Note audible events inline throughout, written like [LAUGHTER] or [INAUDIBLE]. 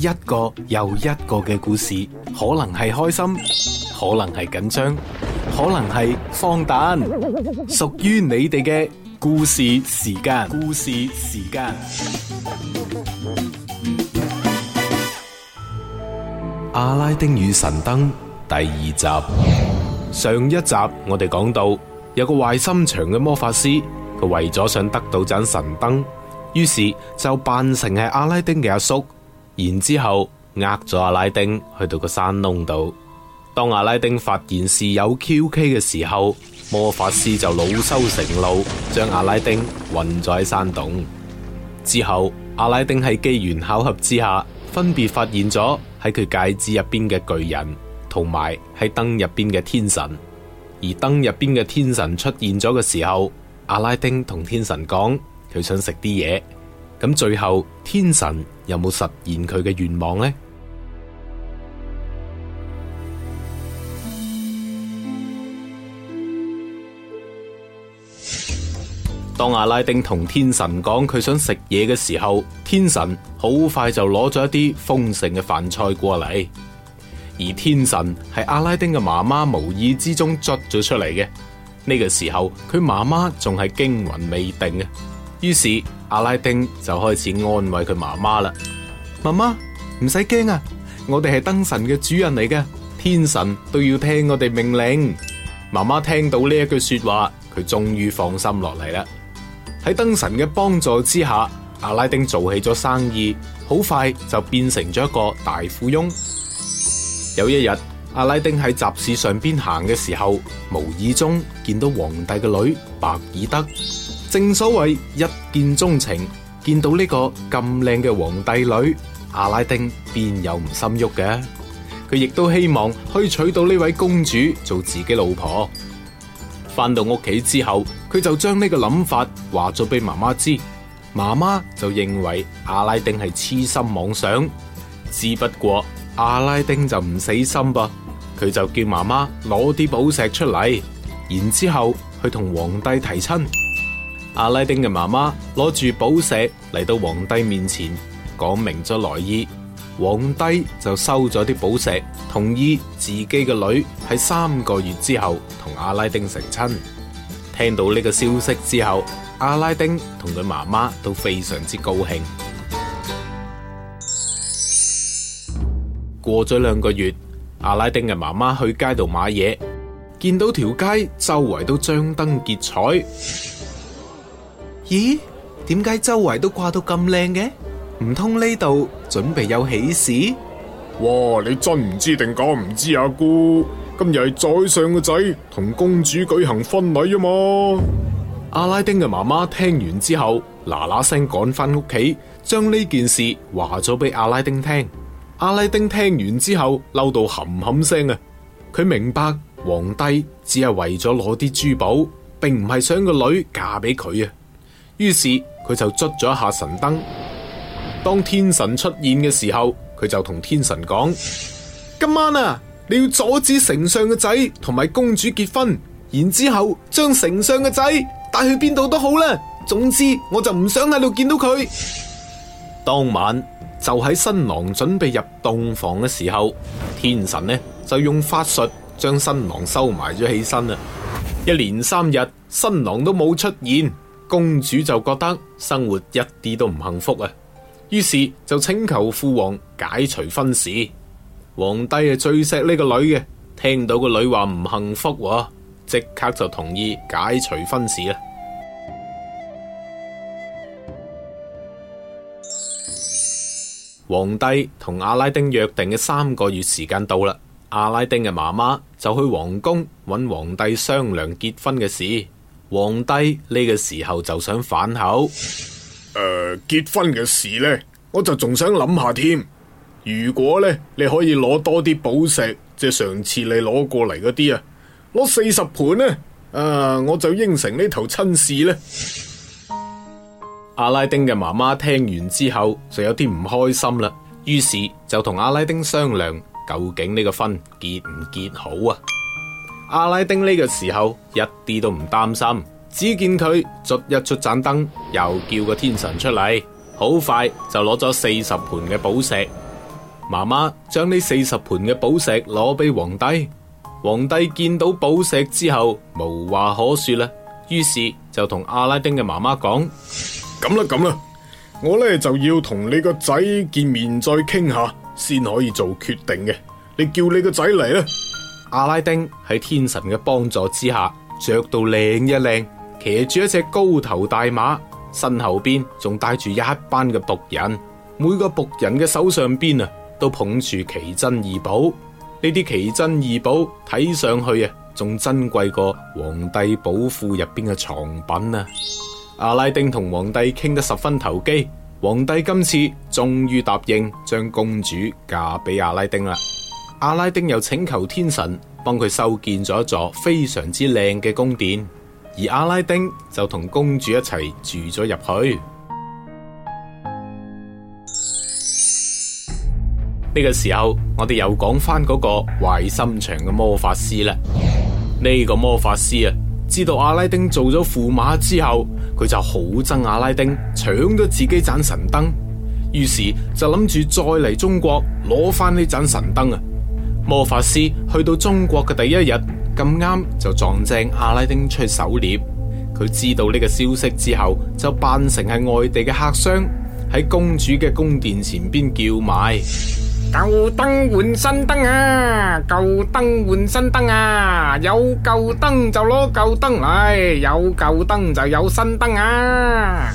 一個又一個嘅故事，可能係開心，可能係緊張，可能係荒誕，屬於 [LAUGHS] 你哋嘅故事時間。故事時間。阿拉丁與神燈第二集，上一集我哋講到，有個壞心腸嘅魔法師，佢為咗想得到盞神燈，於是就扮成係阿拉丁嘅阿叔。然之後，呃咗阿拉丁去到個山窿度。當阿拉丁發現事有蹊蹺嘅時候，魔法師就惱羞成怒，將阿拉丁困咗喺山洞。之後，阿拉丁喺機緣巧合之下，分別發現咗喺佢戒指入邊嘅巨人，同埋喺燈入邊嘅天神。而燈入邊嘅天神出現咗嘅時候，阿拉丁同天神講，佢想食啲嘢。咁最後天神有冇實現佢嘅願望呢？當阿拉丁同天神講佢想食嘢嘅時候，天神好快就攞咗一啲豐盛嘅飯菜過嚟。而天神係阿拉丁嘅媽媽無意之中捽咗出嚟嘅。呢個時候佢媽媽仲係驚魂未定嘅。於是阿拉丁就開始安慰佢媽媽啦。媽媽唔使驚啊，我哋係燈神嘅主人嚟嘅，天神都要聽我哋命令。媽媽聽到呢一句說話，佢終於放心落嚟啦。喺燈神嘅幫助之下，阿拉丁做起咗生意，好快就變成咗一個大富翁。有一日，阿拉丁喺集市上邊行嘅時候，無意中見到皇帝嘅女白爾德。正所謂一見鍾情，見到呢個咁靚嘅皇帝女阿拉丁，邊有唔心喐嘅？佢亦都希望可以娶到呢位公主做自己老婆。翻到屋企之後，佢就將呢個諗法話咗俾媽媽知。媽媽就認為阿拉丁係痴心妄想，只不過阿拉丁就唔死心噃。佢就叫媽媽攞啲寶石出嚟，然之後去同皇帝提親。阿拉丁嘅媽媽攞住寶石嚟到皇帝面前，講明咗來意，皇帝就收咗啲寶石，同意自己嘅女喺三個月之後同阿拉丁成親。聽到呢個消息之後，阿拉丁同佢媽媽都非常之高興。過咗兩個月，阿拉丁嘅媽媽去街度買嘢，見到條街周圍都張燈結彩。咦？點解周圍都掛到咁靚嘅？唔通呢度準備有喜事？哇！你真唔知定講唔知啊？阿姑今日係宰相嘅仔同公主舉行婚禮啊！嘛阿拉丁嘅媽媽聽完之後，嗱嗱聲趕返屋企，將呢件事話咗俾阿拉丁聽。阿拉丁聽完之後，嬲到冚冚聲啊！佢明白，皇帝只係為咗攞啲珠寶，並唔係想個女嫁俾佢啊！於是佢就捽咗一下神燈。當天神出現嘅時候，佢就同天神講：今晚啊，你要阻止丞相嘅仔同埋公主結婚，然之後將丞相嘅仔帶去邊度都好啦。總之，我就唔想喺度見到佢。當晚就喺新郎準備入洞房嘅時候，天神呢就用法術將新郎收埋咗起身啦。一連三日，新郎都冇出現。公主就覺得生活一啲都唔幸福啊，於是就請求父王解除婚事。皇帝係最錫呢個女嘅，聽到個女話唔幸福啊，即刻就同意解除婚事啦。皇帝同阿拉丁約定嘅三個月時間到啦，阿拉丁嘅媽媽就去皇宮搵皇帝商量結婚嘅事。皇帝呢個時候就想反口。誒、呃，結婚嘅事呢，我就仲想諗下添。如果呢，你可以攞多啲寶石，即係上次你攞過嚟嗰啲啊，攞四十盤呢？啊、呃，我就應承呢頭親事呢。阿拉丁嘅媽媽聽完之後就有啲唔開心啦，於是就同阿拉丁商量究竟呢個婚結唔結好啊？阿拉丁呢個時候一啲都唔擔心，只見佢擦一擦盞燈，又叫個天神出嚟，好快就攞咗四十盤嘅寶石。媽媽將呢四十盤嘅寶石攞俾皇帝，皇帝見到寶石之後無話可說啦，於是就同阿拉丁嘅媽媽講：咁啦，咁啦，我呢就要同你個仔見面再傾下，先可以做決定嘅。你叫你個仔嚟啦。阿拉丁喺天神嘅幫助之下，着到靚一靚，騎住一隻高頭大馬，身後邊仲帶住一班嘅僕人，每個僕人嘅手上邊啊，都捧住奇珍異寶。呢啲奇珍異寶睇上去啊，仲珍貴過皇帝寶庫入邊嘅藏品啊！阿拉丁同皇帝傾得十分投機，皇帝今次終於答應將公主嫁俾阿拉丁啦。阿拉丁又請求天神幫佢修建咗一座非常之靚嘅宮殿，而阿拉丁就同公主一齊住咗入去。呢 [NOISE] 個時候，我哋又講翻嗰個壞心腸嘅魔法師啦。呢、呢個魔法師啊，知道阿拉丁做咗駙馬之後，佢就好憎阿拉丁，搶咗自己盞神燈，於是就諗住再嚟中國攞翻呢盞神燈啊！魔法師去到中國嘅第一日咁啱就撞正阿拉丁出去狩獵。佢知道呢個消息之後，就扮成係外地嘅客商喺公主嘅宮殿前邊叫賣舊燈換新燈啊！舊燈換新燈啊！有舊燈就攞舊燈嚟、哎，有舊燈就有新燈啊！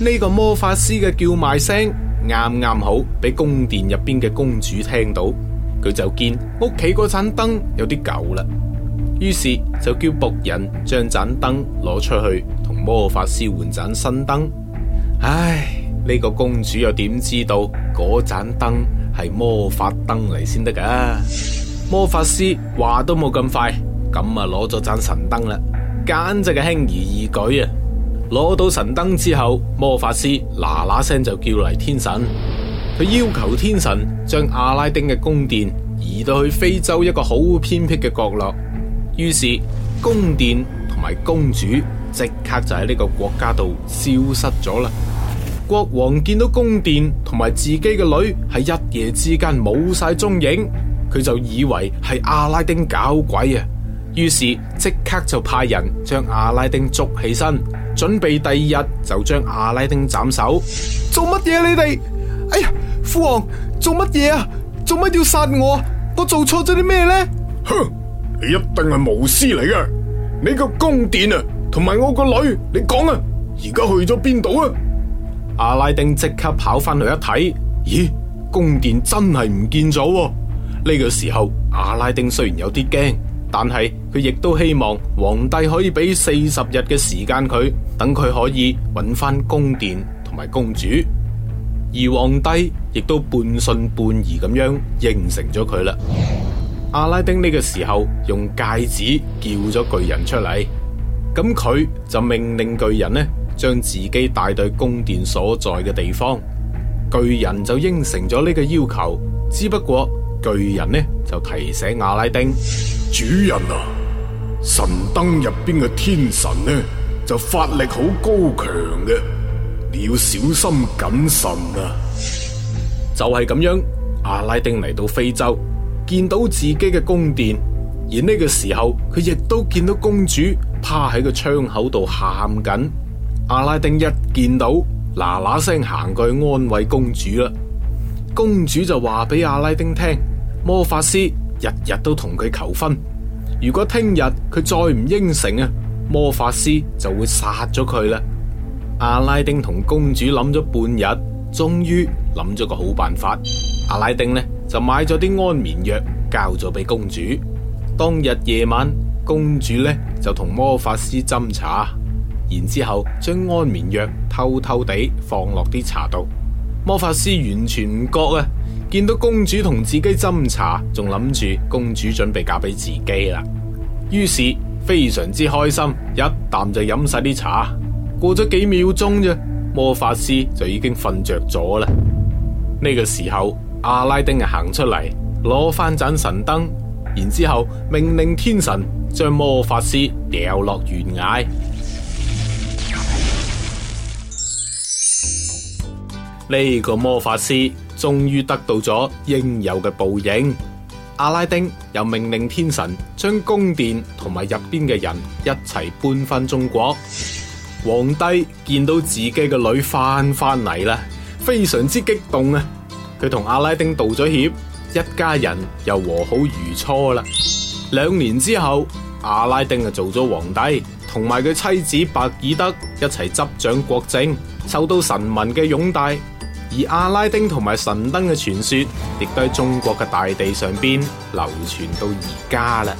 呢個魔法師嘅叫賣聲啱啱好俾宮殿入邊嘅公主聽到。佢就見屋企嗰盞燈有啲舊啦，於是就叫僕人將盞燈攞出去同魔法師換盞新燈。唉，呢個公主又點知道嗰盞燈係魔法燈嚟先得噶？魔法師話都冇咁快，咁啊攞咗盞神燈啦，簡直係輕而易舉啊！攞到神燈之後，魔法師嗱嗱聲就叫嚟天神。佢要求天神將阿拉丁嘅宮殿移到去非洲一個好偏僻嘅角落，於是宮殿同埋公主即刻就喺呢個國家度消失咗啦。國王見到宮殿同埋自己嘅女喺一夜之間冇晒蹤影，佢就以為係阿拉丁搞鬼啊！於是即刻就派人將阿拉丁捉起身，準備第二日就將阿拉丁斬首。做乜嘢、啊、你哋？哎呀，父王做乜嘢啊？做乜要殺我？我做錯咗啲咩呢？哼，你一定係巫師嚟㗎。你個宮殿啊，同埋我個女，你講啊，而家去咗邊度啊？阿拉丁即刻跑翻去一睇，咦，宮殿真係唔見咗喎。呢個時候，阿拉丁雖然有啲驚，但係佢亦都希望皇帝可以俾四十日嘅時間佢，等佢可以搵翻宮殿同埋公主。而皇帝亦都半信半疑咁樣應承咗佢啦。阿拉丁呢個時候用戒指叫咗巨人出嚟，咁佢就命令巨人呢，將自己帶到宮殿所在嘅地方。巨人就應承咗呢個要求，只不過巨人呢就提醒阿拉丁：主人啊，神燈入邊嘅天神呢就法力好高強嘅。你要小心謹慎啊！就係咁樣，阿拉丁嚟到非洲，見到自己嘅宮殿，而呢個時候，佢亦都見到公主趴喺個窗口度喊緊。阿拉丁一見到，嗱嗱聲行過去安慰公主啦。公主就話俾阿拉丁聽，魔法師日日都同佢求婚，如果聽日佢再唔應承啊，魔法師就會殺咗佢啦。阿拉丁同公主諗咗半日，終於諗咗個好辦法。阿拉丁呢，就買咗啲安眠藥，交咗俾公主。當日夜晚，公主呢，就同魔法師斟茶，然之後將安眠藥偷偷地放落啲茶度。魔法師完全唔覺啊！見到公主同自己斟茶，仲諗住公主準備嫁俾自己啦，於是非常之開心，一啖就飲晒啲茶。過咗幾秒鐘啫，魔法師就已經瞓着咗啦。呢個時候，阿拉丁行出嚟，攞翻盞神燈，然之後命令天神將魔法師掉落懸崖。呢個魔法師終於得到咗應有嘅報應。阿拉丁又命令天神將宮殿同埋入邊嘅人一齊搬翻中國。皇帝見到自己嘅女翻翻嚟啦，非常之激動啊！佢同阿拉丁道咗歉，一家人又和好如初啦。兩年之後，阿拉丁啊做咗皇帝，同埋佢妻子白爾德一齊執掌國政，受到臣民嘅擁戴。而阿拉丁同埋神燈嘅傳說亦都喺中國嘅大地上邊流傳到而家啦。